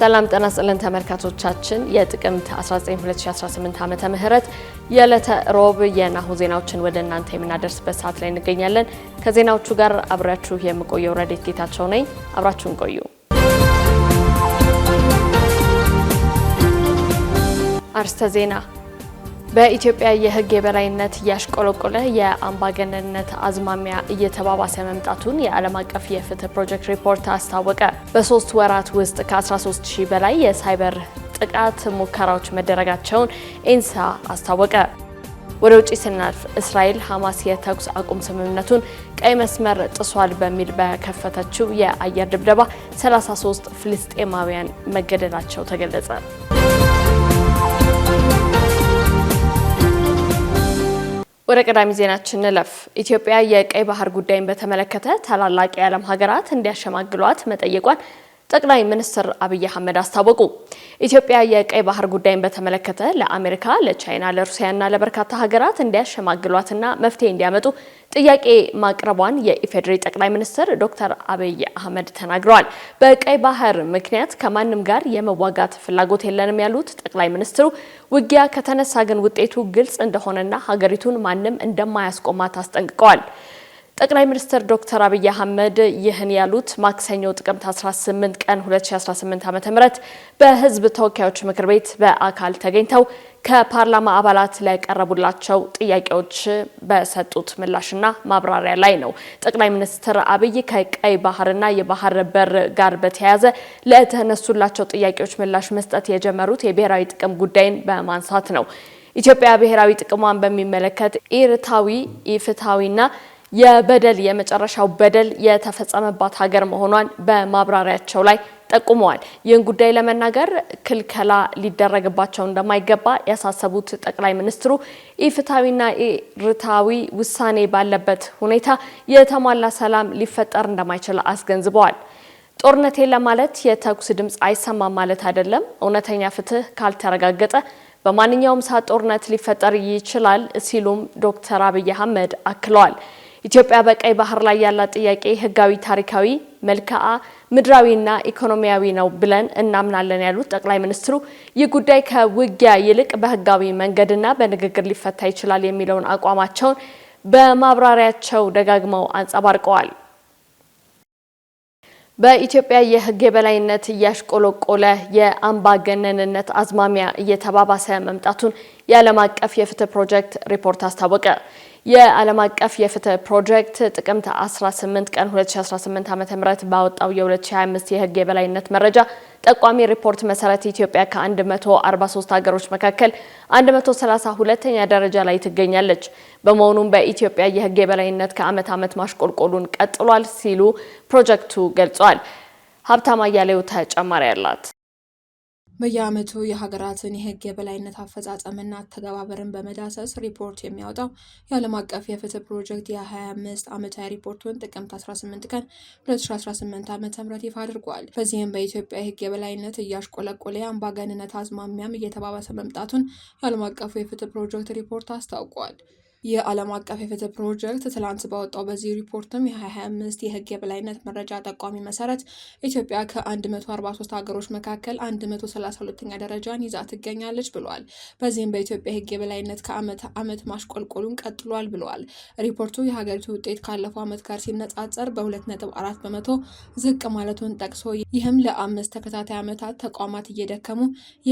ሰላም ጤና ይስጥልን ተመልካቾቻችን፣ የጥቅምት 192018 ዓመተ ምህረት የዕለተ ሮብ የናሁ ዜናዎችን ወደ እናንተ የምናደርስበት ሰዓት ላይ እንገኛለን። ከዜናዎቹ ጋር አብራችሁ የምቆየው ረዴት ጌታቸው ነኝ። አብራችሁን ቆዩ። አርስተ ዜና በኢትዮጵያ የሕግ የበላይነት እያሽቆለቆለ የአምባገነንነት አዝማሚያ እየተባባሰ መምጣቱን የዓለም አቀፍ የፍትህ ፕሮጀክት ሪፖርት አስታወቀ። በሶስት ወራት ውስጥ ከ13 ሺህ በላይ የሳይበር ጥቃት ሙከራዎች መደረጋቸውን ኢንሳ አስታወቀ። ወደ ውጭ ስናልፍ እስራኤል ሐማስ የተኩስ አቁም ስምምነቱን ቀይ መስመር ጥሷል በሚል በከፈተችው የአየር ድብደባ 33 ፍልስጤማውያን መገደላቸው ተገለጸ። ወደ ቀዳሚ ዜናችን እንለፍ። ኢትዮጵያ የቀይ ባህር ጉዳይን በተመለከተ ታላላቅ የዓለም ሀገራት እንዲያሸማግሏት መጠየቋን ጠቅላይ ሚኒስትር አብይ አህመድ አስታወቁ። ኢትዮጵያ የቀይ ባህር ጉዳይን በተመለከተ ለአሜሪካ፣ ለቻይና፣ ለሩሲያና ለበርካታ ሀገራት እንዲያሸማግሏትና መፍትሄ እንዲያመጡ ጥያቄ ማቅረቧን የኢፌዴሪ ጠቅላይ ሚኒስትር ዶክተር አብይ አህመድ ተናግረዋል። በቀይ ባህር ምክንያት ከማንም ጋር የመዋጋት ፍላጎት የለንም ያሉት ጠቅላይ ሚኒስትሩ ውጊያ ከተነሳ ግን ውጤቱ ግልጽ እንደሆነና ሀገሪቱን ማንም እንደማያስቆማት አስጠንቅቀዋል። ጠቅላይ ሚኒስትር ዶክተር አብይ አህመድ ይህን ያሉት ማክሰኞ ጥቅምት 18 ቀን 2018 ዓ.ም በህዝብ ተወካዮች ምክር ቤት በአካል ተገኝተው ከፓርላማ አባላት ለቀረቡላቸው ጥያቄዎች በሰጡት ምላሽና ማብራሪያ ላይ ነው። ጠቅላይ ሚኒስትር አብይ ከቀይ ባህርና የባህር በር ጋር በተያያዘ ለተነሱላቸው ጥያቄዎች ምላሽ መስጠት የጀመሩት የብሔራዊ ጥቅም ጉዳይን በማንሳት ነው። ኢትዮጵያ ብሔራዊ ጥቅሟን በሚመለከት ኢርታዊ፣ ኢፍትሐዊና የበደል የመጨረሻው በደል የተፈጸመባት ሀገር መሆኗን በማብራሪያቸው ላይ ጠቁመዋል። ይህን ጉዳይ ለመናገር ክልከላ ሊደረግባቸው እንደማይገባ ያሳሰቡት ጠቅላይ ሚኒስትሩ ኢፍትሐዊና ኢርታዊ ውሳኔ ባለበት ሁኔታ የተሟላ ሰላም ሊፈጠር እንደማይችል አስገንዝበዋል። ጦርነት የለም ማለት የተኩስ ድምፅ አይሰማም ማለት አይደለም። እውነተኛ ፍትህ ካልተረጋገጠ በማንኛውም ሰዓት ጦርነት ሊፈጠር ይችላል ሲሉም ዶክተር አብይ አህመድ አክለዋል። ኢትዮጵያ በቀይ ባህር ላይ ያላት ጥያቄ ሕጋዊ፣ ታሪካዊ፣ መልክዓ ምድራዊና ኢኮኖሚያዊ ነው ብለን እናምናለን ያሉት ጠቅላይ ሚኒስትሩ ይህ ጉዳይ ከውጊያ ይልቅ በህጋዊ መንገድና በንግግር ሊፈታ ይችላል የሚለውን አቋማቸውን በማብራሪያቸው ደጋግመው አንጸባርቀዋል። በኢትዮጵያ የሕግ የበላይነት እያሽቆለቆለ የአምባገነንነት አዝማሚያ እየተባባሰ መምጣቱን የዓለም አቀፍ የፍትህ ፕሮጀክት ሪፖርት አስታወቀ። የዓለም አቀፍ የፍትህ ፕሮጀክት ጥቅምት 18 ቀን 2018 ዓ.ም ባወጣው የ2025 የህግ የበላይነት መረጃ ጠቋሚ ሪፖርት መሰረት ኢትዮጵያ ከ143 ሀገሮች መካከል 132ኛ ደረጃ ላይ ትገኛለች። በመሆኑም በኢትዮጵያ የህግ የበላይነት ከዓመት ዓመት ማሽቆልቆሉን ቀጥሏል ሲሉ ፕሮጀክቱ ገልጿል። ሀብታም አያሌው ተጨማሪ አላት። በየዓመቱ የሀገራትን የሕግ የበላይነት አፈጻጸምና አተገባበርን በመዳሰስ ሪፖርት የሚያወጣው የዓለም አቀፍ የፍትህ ፕሮጀክት የ25 ዓመታዊ ሪፖርቱን ጥቅምት 18 ቀን 2018 ዓ ም ይፋ አድርጓል። በዚህም በኢትዮጵያ የሕግ የበላይነት እያሽቆለቆለ የአምባገንነት አዝማሚያም እየተባባሰ መምጣቱን የዓለም አቀፉ የፍትህ ፕሮጀክት ሪፖርት አስታውቋል። የዓለም አቀፍ የፍትህ ፕሮጀክት ትላንት ባወጣው በዚህ ሪፖርትም የ2025 የህግ የበላይነት መረጃ ጠቋሚ መሰረት ኢትዮጵያ ከ143 ሀገሮች መካከል 132ኛ ደረጃን ይዛ ትገኛለች ብሏል። በዚህም በኢትዮጵያ የህግ የበላይነት ከዓመት አመት ማሽቆልቆሉን ቀጥሏል ብለዋል። ሪፖርቱ የሀገሪቱ ውጤት ካለፈው ዓመት ጋር ሲነጻጸር በ2.4 በመቶ ዝቅ ማለቱን ጠቅሶ ይህም ለአምስት ተከታታይ ዓመታት ተቋማት እየደከሙ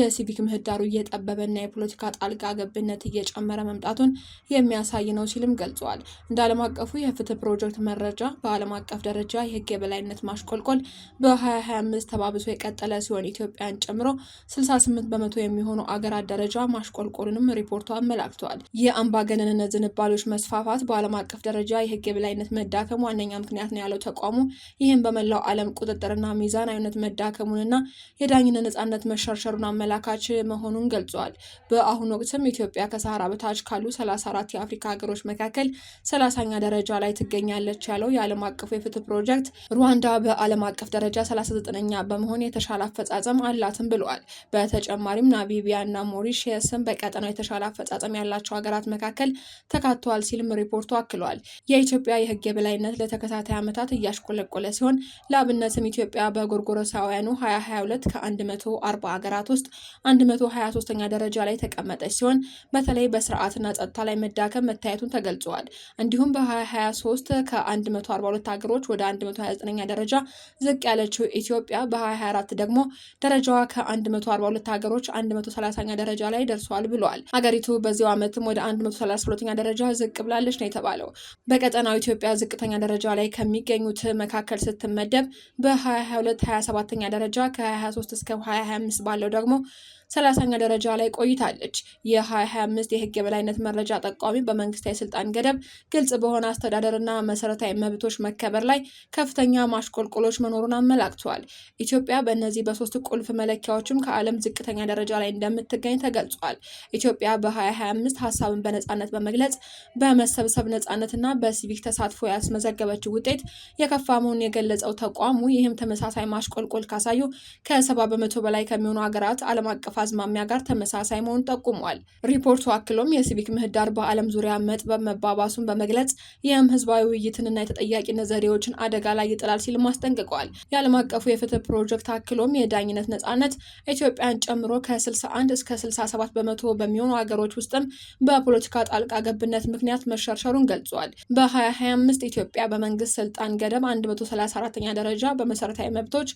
የሲቪክ ምህዳሩ እየጠበበና የፖለቲካ ጣልቃ ገብነት እየጨመረ መምጣቱን የሚያ የሚያሳይ ነው ሲልም ገልጿል። እንደ ዓለም አቀፉ የፍትህ ፕሮጀክት መረጃ በዓለም አቀፍ ደረጃ የህግ የበላይነት ማሽቆልቆል በ2025 ተባብሶ የቀጠለ ሲሆን ኢትዮጵያን ጨምሮ 68 በመቶ የሚሆኑ አገራት ደረጃ ማሽቆልቆሉንም ሪፖርቱ አመላክቷል። የአምባገነንነት ዝንባሎች መስፋፋት በዓለም አቀፍ ደረጃ የህግ የበላይነት መዳከም ዋነኛ ምክንያት ነው ያለው ተቋሙ ይህም በመላው ዓለም ቁጥጥርና ሚዛናዊነት መዳከሙንና የዳኝነት ነጻነት መሸርሸሩን አመላካች መሆኑን ገልጿል። በአሁኑ ወቅትም ኢትዮጵያ ከሰሃራ በታች ካሉ 34 አፍሪካ ሀገሮች መካከል ሰላሳኛ ደረጃ ላይ ትገኛለች ያለው የዓለም አቀፉ የፍትህ ፕሮጀክት ሩዋንዳ በዓለም አቀፍ ደረጃ 39ኛ በመሆን የተሻለ አፈጻጸም አላትም ብለዋል። በተጨማሪም ናሚቢያ እና ሞሪሺየስም በቀጠናው የተሻለ አፈጻጸም ያላቸው ሀገራት መካከል ተካተዋል ሲልም ሪፖርቱ አክሏል። የኢትዮጵያ የህግ የበላይነት ለተከታታይ ዓመታት እያሽቆለቆለ ሲሆን ለአብነትም ኢትዮጵያ በጎርጎረሳውያኑ 2022 ከ140 ሀገራት ውስጥ 123ኛ ደረጃ ላይ ተቀመጠች ሲሆን በተለይ በስርዓትና ጸጥታ ላይ መዳከል መዳከም መታየቱን ተገልጿል። እንዲሁም በ2023 ከ142 ሀገሮች ወደ 129ኛ ደረጃ ዝቅ ያለችው ኢትዮጵያ በ2024 ደግሞ ደረጃዋ ከ142 ሀገሮች 130ኛ ደረጃ ላይ ደርሷል ብሏል። ሀገሪቱ በዚው ዓመትም ወደ 132ኛ ደረጃ ዝቅ ብላለች ነው የተባለው። በቀጠናው ኢትዮጵያ ዝቅተኛ ደረጃ ላይ ከሚገኙት መካከል ስትመደብ በ2022 27ኛ ደረጃ ከ23 እስከ 25 ባለው ደግሞ ሰላሳኛ ደረጃ ላይ ቆይታለች። የ2025 የህግ የበላይነት መረጃ ጠቋሚ በመንግስታዊ ስልጣን ገደብ፣ ግልጽ በሆነ አስተዳደርና መሰረታዊ መብቶች መከበር ላይ ከፍተኛ ማሽቆልቆሎች መኖሩን አመላክተዋል። ኢትዮጵያ በእነዚህ በሶስት ቁልፍ መለኪያዎችም ከዓለም ዝቅተኛ ደረጃ ላይ እንደምትገኝ ተገልጿል። ኢትዮጵያ በ2025 ሀሳብን በነጻነት በመግለጽ በመሰብሰብ ነጻነትና በሲቪክ ተሳትፎ ያስመዘገበችው ውጤት የከፋ መሆኑን የገለጸው ተቋሙ ይህም ተመሳሳይ ማሽቆልቆል ካሳዩ ከሰባ በመቶ በላይ ከሚሆኑ ሀገራት ዓለም አቀፍ አዝማሚያ ጋር ተመሳሳይ መሆኑን ጠቁሟል። ሪፖርቱ አክሎም የሲቪክ ምህዳር በዓለም ዙሪያ መጥበብ መባባሱን በመግለጽ ይህም ህዝባዊ ውይይትንና የተጠያቂነት ዘዴዎችን አደጋ ላይ ይጥላል ሲልም አስጠንቅቋል። የዓለም አቀፉ የፍትህ ፕሮጀክት አክሎም የዳኝነት ነጻነት ኢትዮጵያን ጨምሮ ከ61 እስከ 67 በመቶ በሚሆኑ ሀገሮች ውስጥም በፖለቲካ ጣልቃ ገብነት ምክንያት መሸርሸሩን ገልጿል። በ2025 ኢትዮጵያ በመንግስት ስልጣን ገደብ 134ኛ ደረጃ በመሰረታዊ መብቶች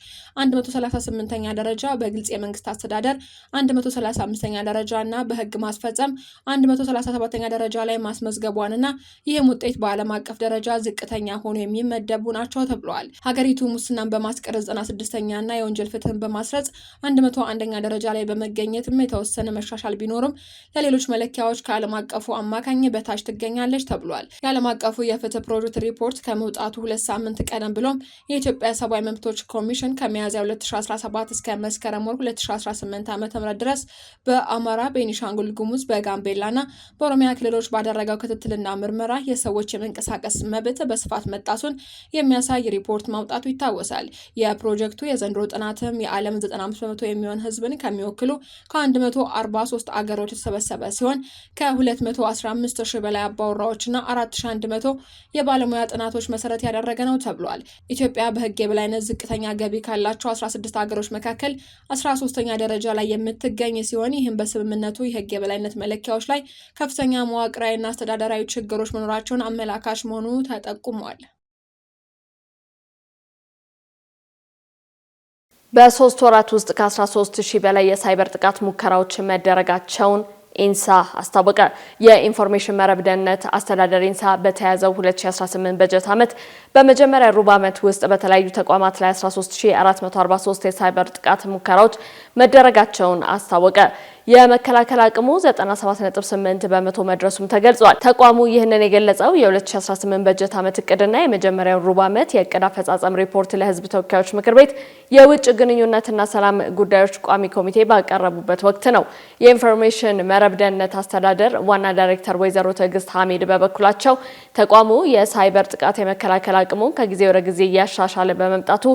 138ኛ ደረጃ በግልጽ የመንግስት አስተዳደር 135ኛ ደረጃ እና በህግ ማስፈጸም 137ኛ ደረጃ ላይ ማስመዝገቧን እና ይህም ውጤት በዓለም አቀፍ ደረጃ ዝቅተኛ ሆኖ የሚመደቡ ናቸው ተብለዋል። ሀገሪቱ ሙስናን በማስቀር 96ኛ እና የወንጀል ፍትህን በማስረጽ 101ኛ ደረጃ ላይ በመገኘትም የተወሰነ መሻሻል ቢኖርም ለሌሎች መለኪያዎች ከዓለም አቀፉ አማካኝ በታች ትገኛለች ተብሏል። የዓለም አቀፉ የፍትህ ፕሮጀክት ሪፖርት ከመውጣቱ ሁለት ሳምንት ቀደም ብሎም የኢትዮጵያ ሰብአዊ መብቶች ኮሚሽን ከሚያዝያ 2017 እስከ መስከረም ወር 2018 ዓ ዓ.ም ድረስ በአማራ፣ ቤኒሻንጉል ጉሙዝ፣ በጋምቤላና በኦሮሚያ ክልሎች ባደረገው ክትትልና ምርመራ የሰዎች የመንቀሳቀስ መብት በስፋት መጣሱን የሚያሳይ ሪፖርት ማውጣቱ ይታወሳል። የፕሮጀክቱ የዘንድሮ ጥናትም የዓለም 95 በመቶ የሚሆን ህዝብን ከሚወክሉ ከ143 አገሮች የተሰበሰበ ሲሆን ከ215 ሺህ በላይ አባወራዎችና 4100 የባለሙያ ጥናቶች መሰረት ያደረገ ነው ተብሏል። ኢትዮጵያ በህግ የበላይነት ዝቅተኛ ገቢ ካላቸው 16 ሀገሮች መካከል 13ኛ ደረጃ ላይ የ የምትገኝ ሲሆን ይህም በስምምነቱ የህግ የበላይነት መለኪያዎች ላይ ከፍተኛ መዋቅራዊና አስተዳደራዊ ችግሮች መኖራቸውን አመላካች መሆኑ ተጠቁሟል። በሶስት ወራት ውስጥ ከ13 ሺህ በላይ የሳይበር ጥቃት ሙከራዎች መደረጋቸውን ኢንሳ አስታወቀ። የኢንፎርሜሽን መረብ ደህንነት አስተዳደር ኢንሳ በተያዘው 2018 በጀት ዓመት በመጀመሪያ ሩብ ዓመት ውስጥ በተለያዩ ተቋማት ላይ 13443 የሳይበር ጥቃት ሙከራዎች መደረጋቸውን አስታወቀ። የመከላከል አቅሙ 97.8 በመቶ መድረሱም ተገልጿል። ተቋሙ ይህንን የገለጸው የ2018 በጀት ዓመት እቅድና የመጀመሪያው ሩብ ዓመት የእቅድ አፈጻጸም ሪፖርት ለሕዝብ ተወካዮች ምክር ቤት የውጭ ግንኙነትና ሰላም ጉዳዮች ቋሚ ኮሚቴ ባቀረቡበት ወቅት ነው። የኢንፎርሜሽን መረብ ደህንነት አስተዳደር ዋና ዳይሬክተር ወይዘሮ ትዕግስት ሐሚድ በበኩላቸው ተቋሙ የሳይበር ጥቃት የመከላከል አቅሙን ከጊዜ ወደ ጊዜ እያሻሻለ በመምጣቱ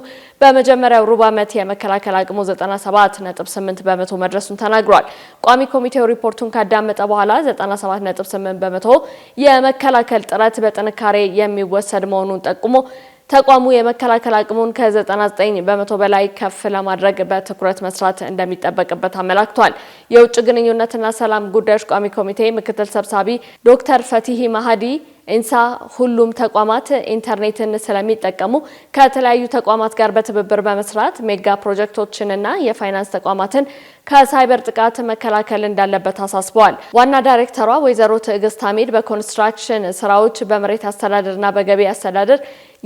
በመጀመሪያው ሩብ ዓመት የመከላከል አቅሙ 97.8 በመቶ መድረሱን ተናግሯል። ቋሚ ኮሚቴው ሪፖርቱን ካዳመጠ በኋላ 97.8 በመቶ የመከላከል ጥረት በጥንካሬ የሚወሰድ መሆኑን ጠቁሞ ተቋሙ የመከላከል አቅሙን ከ99 በመቶ በላይ ከፍ ለማድረግ በትኩረት መስራት እንደሚጠበቅበት አመላክቷል። የውጭ ግንኙነትና ሰላም ጉዳዮች ቋሚ ኮሚቴ ምክትል ሰብሳቢ ዶክተር ፈቲሂ ማሃዲ ኢንሳ ሁሉም ተቋማት ኢንተርኔትን ስለሚጠቀሙ ከተለያዩ ተቋማት ጋር በትብብር በመስራት ሜጋ ፕሮጀክቶችንና የፋይናንስ ተቋማትን ከሳይበር ጥቃት መከላከል እንዳለበት አሳስበዋል። ዋና ዳይሬክተሯ ወይዘሮ ትዕግስት አሚድ በኮንስትራክሽን ስራዎች፣ በመሬት አስተዳደርና በገቢ አስተዳደር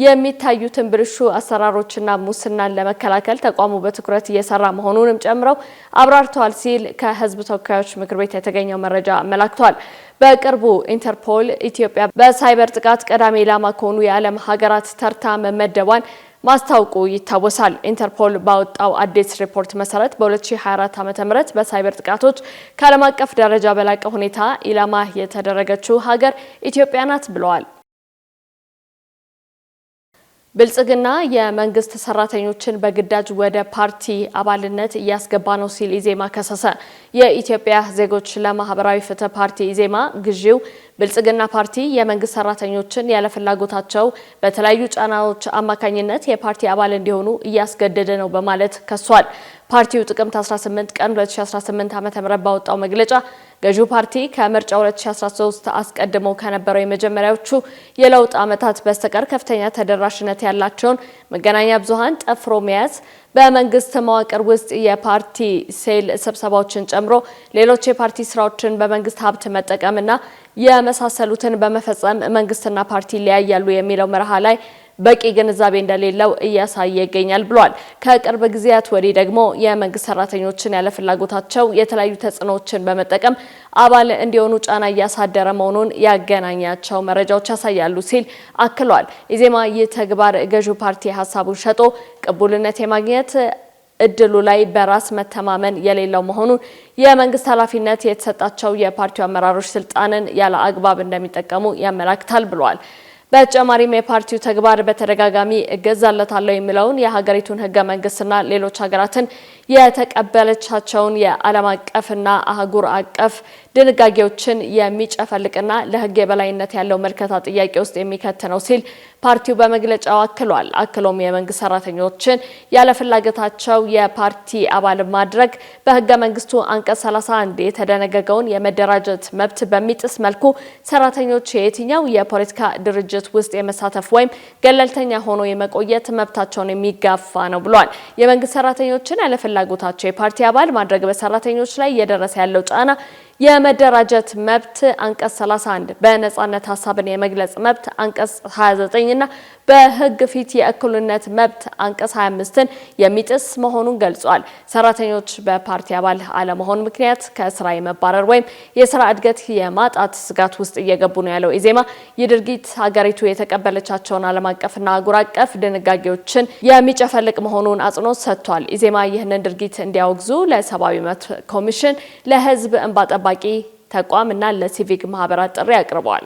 የሚታዩትን ብልሹ አሰራሮችና ሙስናን ለመከላከል ተቋሙ በትኩረት እየሰራ መሆኑንም ጨምረው አብራርተዋል ሲል ከህዝብ ተወካዮች ምክር ቤት የተገኘው መረጃ አመላክቷል። በቅርቡ ኢንተርፖል ኢትዮጵያ በሳይበር ጥቃት ቀዳሚ ኢላማ ከሆኑ የዓለም ሀገራት ተርታ መመደቧን ማስታወቁ ይታወሳል። ኢንተርፖል ባወጣው አዲስ ሪፖርት መሰረት በ2024 ዓ ም በሳይበር ጥቃቶች ከዓለም አቀፍ ደረጃ በላቀ ሁኔታ ኢላማ የተደረገችው ሀገር ኢትዮጵያ ናት ብለዋል። ብልጽግና የመንግስት ሰራተኞችን በግዳጅ ወደ ፓርቲ አባልነት እያስገባ ነው ሲል ኢዜማ ከሰሰ። የኢትዮጵያ ዜጎች ለማህበራዊ ፍትህ ፓርቲ ኢዜማ ግዢው ብልጽግና ፓርቲ የመንግስት ሰራተኞችን ያለፍላጎታቸው በተለያዩ ጫናዎች አማካኝነት የፓርቲ አባል እንዲሆኑ እያስገደደ ነው በማለት ከሷል። ፓርቲው ጥቅምት 18 ቀን 2018 ዓ.ም ባወጣው መግለጫ ገዢው ፓርቲ ከምርጫ 2013 አስቀድሞ ከነበረው የመጀመሪያዎቹ የለውጥ ዓመታት በስተቀር ከፍተኛ ተደራሽነት ያላቸውን መገናኛ ብዙሃን ጠፍሮ መያዝ፣ በመንግስት መዋቅር ውስጥ የፓርቲ ሴል ስብሰባዎችን ጨምሮ ሌሎች የፓርቲ ስራዎችን በመንግስት ሀብት መጠቀምና የመሳሰሉትን በመፈጸም መንግስትና ፓርቲ ሊያያሉ የሚለው መርሃ ላይ በቂ ግንዛቤ እንደሌለው እያሳየ ይገኛል ብሏል። ከቅርብ ጊዜያት ወዲህ ደግሞ የመንግስት ሰራተኞችን ያለ ፍላጎታቸው የተለያዩ ተጽዕኖዎችን በመጠቀም አባል እንዲሆኑ ጫና እያሳደረ መሆኑን ያገናኛቸው መረጃዎች ያሳያሉ ሲል አክሏል። ኢዜማ ይህ ተግባር ገዢው ፓርቲ ሀሳቡን ሸጦ ቅቡልነት የማግኘት እድሉ ላይ በራስ መተማመን የሌለው መሆኑን የመንግስት ኃላፊነት የተሰጣቸው የፓርቲው አመራሮች ስልጣንን ያለ አግባብ እንደሚጠቀሙ ያመላክታል ብለዋል። በተጨማሪም የፓርቲው ተግባር በተደጋጋሚ እገዛለታለሁ የሚለውን የሀገሪቱን ህገ መንግስትና ሌሎች ሀገራትን የተቀበለቻቸውን የዓለም አቀፍና አህጉር አቀፍ ድንጋጌዎችን የሚጨፈልቅና ለህግ የበላይነት ያለው መልከታ ጥያቄ ውስጥ የሚከት ነው ሲል ፓርቲው በመግለጫው አክሏል። አክሎም የመንግስት ሰራተኞችን ያለፍላጎታቸው የፓርቲ አባል ማድረግ በህገ መንግስቱ አንቀጽ 31 የተደነገገውን የመደራጀት መብት በሚጥስ መልኩ ሰራተኞች የየትኛው የፖለቲካ ድርጅት ውስጥ የመሳተፍ ወይም ገለልተኛ ሆኖ የመቆየት መብታቸውን የሚጋፋ ነው ብሏል። የመንግስት ሰራተኞችን ያለፍላጎታቸው የፓርቲ አባል ማድረግ በሰራተኞች ላይ እየደረሰ ያለው ጫና የመደራጀት መብት አንቀጽ 31 በነጻነት ሀሳብን የመግለጽ መብት አንቀጽ 29 እና በህግ ፊት የእኩልነት መብት አንቀጽ 25ን የሚጥስ መሆኑን ገልጿል። ሰራተኞች በፓርቲ አባል አለመሆን ምክንያት ከስራ የመባረር ወይም የስራ እድገት የማጣት ስጋት ውስጥ እየገቡ ነው ያለው ኢዜማ ይህ ድርጊት ሀገሪቱ የተቀበለቻቸውን ዓለም አቀፍና አህጉር አቀፍ ድንጋጌዎችን የሚጨፈልቅ መሆኑን አጽንኦት ሰጥቷል። ኢዜማ ይህንን ድርጊት እንዲያወግዙ ለሰብአዊ መብት ኮሚሽን፣ ለህዝብ እንባ ጠባቂ ተቋም እና ለሲቪክ ማህበራት ጥሪ አቅርበዋል።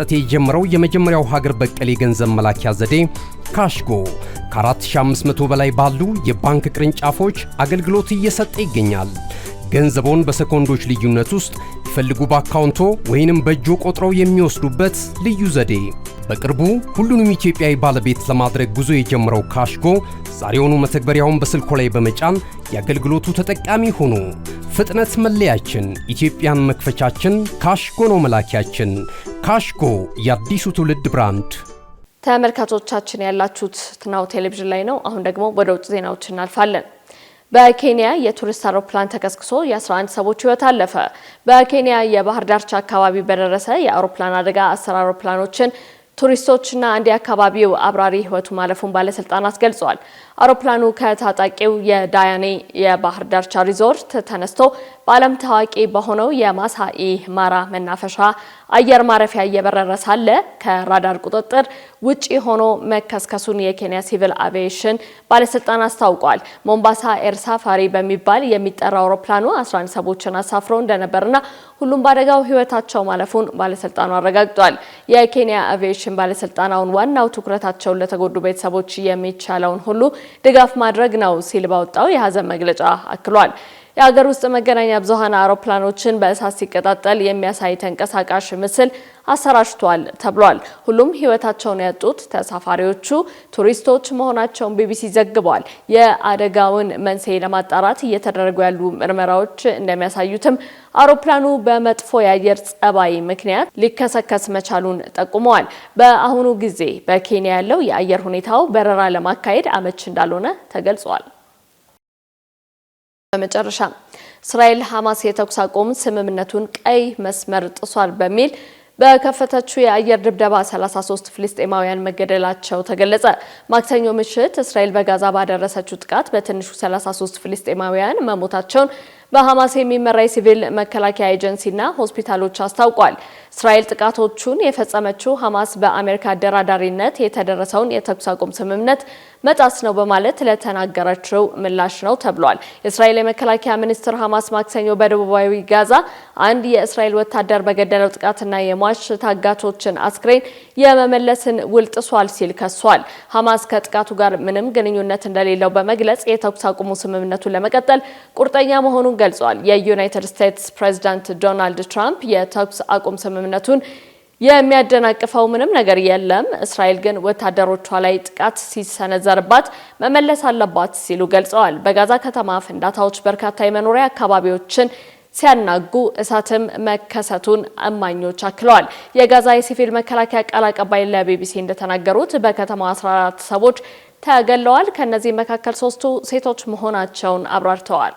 መስጠት የጀመረው የመጀመሪያው ሀገር በቀል የገንዘብ መላኪያ ዘዴ ካሽጎ ከ4500 በላይ ባሉ የባንክ ቅርንጫፎች አገልግሎት እየሰጠ ይገኛል። ገንዘቦን በሰኮንዶች ልዩነት ውስጥ ይፈልጉ በአካውንቶ ወይንም በእጆ ቆጥረው የሚወስዱበት ልዩ ዘዴ። በቅርቡ ሁሉንም ኢትዮጵያዊ ባለቤት ለማድረግ ጉዞ የጀመረው ካሽጎ ዛሬውኑ መተግበሪያውን በስልኮ ላይ በመጫን የአገልግሎቱ ተጠቃሚ ሆኑ። ፍጥነት መለያችን፣ ኢትዮጵያን መክፈቻችን፣ ካሽጎ ነው መላኪያችን። ካሽኮ የአዲሱ ትውልድ ብራንድ። ተመልካቾቻችን ያላችሁት ናሁ ቴሌቪዥን ላይ ነው። አሁን ደግሞ ወደ ውጭ ዜናዎች እናልፋለን። በኬንያ የቱሪስት አውሮፕላን ተከስክሶ የ11 ሰዎች ህይወት አለፈ። በኬንያ የባህር ዳርቻ አካባቢ በደረሰ የአውሮፕላን አደጋ አስር አውሮፕላኖችን ቱሪስቶችና አንድ የአካባቢው አብራሪ ህይወቱ ማለፉን ባለስልጣናት ገልጸዋል። አውሮፕላኑ ከታጣቂው የዳያኔ የባህር ዳርቻ ሪዞርት ተነስቶ በዓለም ታዋቂ በሆነው የማሳኢ ማራ መናፈሻ አየር ማረፊያ እየበረረ ሳለ ከራዳር ቁጥጥር ውጪ ሆኖ መከስከሱን የኬንያ ሲቪል አቪዬሽን ባለስልጣን አስታውቋል። ሞምባሳ ኤርሳፋሪ በሚባል የሚጠራው አውሮፕላኑ 11 ሰዎችን አሳፍሮ እንደነበርና ሁሉም በአደጋው ሕይወታቸው ማለፉን ባለስልጣኑ አረጋግጧል። የኬንያ አቪዬሽን ባለስልጣን አሁን ዋናው ትኩረታቸውን ለተጎዱ ቤተሰቦች የሚቻለውን ሁሉ ድጋፍ ማድረግ ነው ሲል ባወጣው የሀዘን መግለጫ አክሏል። የሀገር ውስጥ መገናኛ ብዙኃን አውሮፕላኖችን በእሳት ሲቀጣጠል የሚያሳይ ተንቀሳቃሽ ምስል አሰራጭቷል ተብሏል። ሁሉም ህይወታቸውን ያጡት ተሳፋሪዎቹ ቱሪስቶች መሆናቸውን ቢቢሲ ዘግቧል። የአደጋውን መንስኤ ለማጣራት እየተደረጉ ያሉ ምርመራዎች እንደሚያሳዩትም አውሮፕላኑ በመጥፎ የአየር ጸባይ ምክንያት ሊከሰከስ መቻሉን ጠቁመዋል። በአሁኑ ጊዜ በኬንያ ያለው የአየር ሁኔታው በረራ ለማካሄድ አመች እንዳልሆነ ተገልጿል። በመጨረሻ እስራኤል ሐማስ የተኩስ አቁም ስምምነቱን ቀይ መስመር ጥሷል በሚል በከፈተችው የአየር ድብደባ 33 ፍልስጤማውያን መገደላቸው ተገለጸ። ማክሰኞ ምሽት እስራኤል በጋዛ ባደረሰችው ጥቃት በትንሹ 33 ፍልስጤማውያን መሞታቸውን በሐማስ የሚመራ የሲቪል መከላከያ ኤጀንሲና ሆስፒታሎች አስታውቋል። እስራኤል ጥቃቶቹን የፈጸመችው ሐማስ በአሜሪካ አደራዳሪነት የተደረሰውን የተኩስ አቁም ስምምነት መጣስ ነው በማለት ለተናገረችው ምላሽ ነው ተብሏል። የእስራኤል የመከላከያ ሚኒስትር ሐማስ ማክሰኞ በደቡባዊ ጋዛ አንድ የእስራኤል ወታደር በገደለው ጥቃትና የሟች ታጋቾችን አስክሬን የመመለስን ውል ጥሷል ሲል ከሷል። ሐማስ ከጥቃቱ ጋር ምንም ግንኙነት እንደሌለው በመግለጽ የተኩስ አቁሙ ስምምነቱን ለመቀጠል ቁርጠኛ መሆኑን ገልጿል። የዩናይትድ ስቴትስ ፕሬዚዳንት ዶናልድ ትራምፕ የተኩስ አቁም ስምምነቱን የሚያደናቅፈው ምንም ነገር የለም፣ እስራኤል ግን ወታደሮቿ ላይ ጥቃት ሲሰነዘርባት መመለስ አለባት ሲሉ ገልጸዋል። በጋዛ ከተማ ፍንዳታዎች በርካታ የመኖሪያ አካባቢዎችን ሲያናጉ እሳትም መከሰቱን እማኞች አክለዋል። የጋዛ የሲቪል መከላከያ ቃል አቀባይ ለቢቢሲ እንደተናገሩት በከተማው 14 ሰዎች ተገለዋል። ከእነዚህ መካከል ሶስቱ ሴቶች መሆናቸውን አብራርተዋል።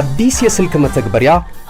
አዲስ የስልክ መተግበሪያ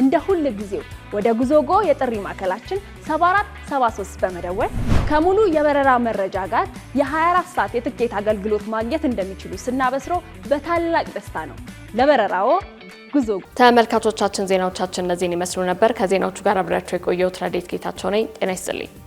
እንደ ሁል ጊዜው ወደ ጉዞጎ የጥሪ ማዕከላችን 7473 በመደወል ከሙሉ የበረራ መረጃ ጋር የ24 ሰዓት የትኬት አገልግሎት ማግኘት እንደሚችሉ ስናበስሮ በታላቅ ደስታ ነው። ለበረራዎ ጉዞ። ተመልካቾቻችን ዜናዎቻችን እነዚህን ይመስሉ ነበር። ከዜናዎቹ ጋር አብሬያቸው የቆየሁት ረዴት ጌታቸው ነኝ። ጤና ይስጥልኝ።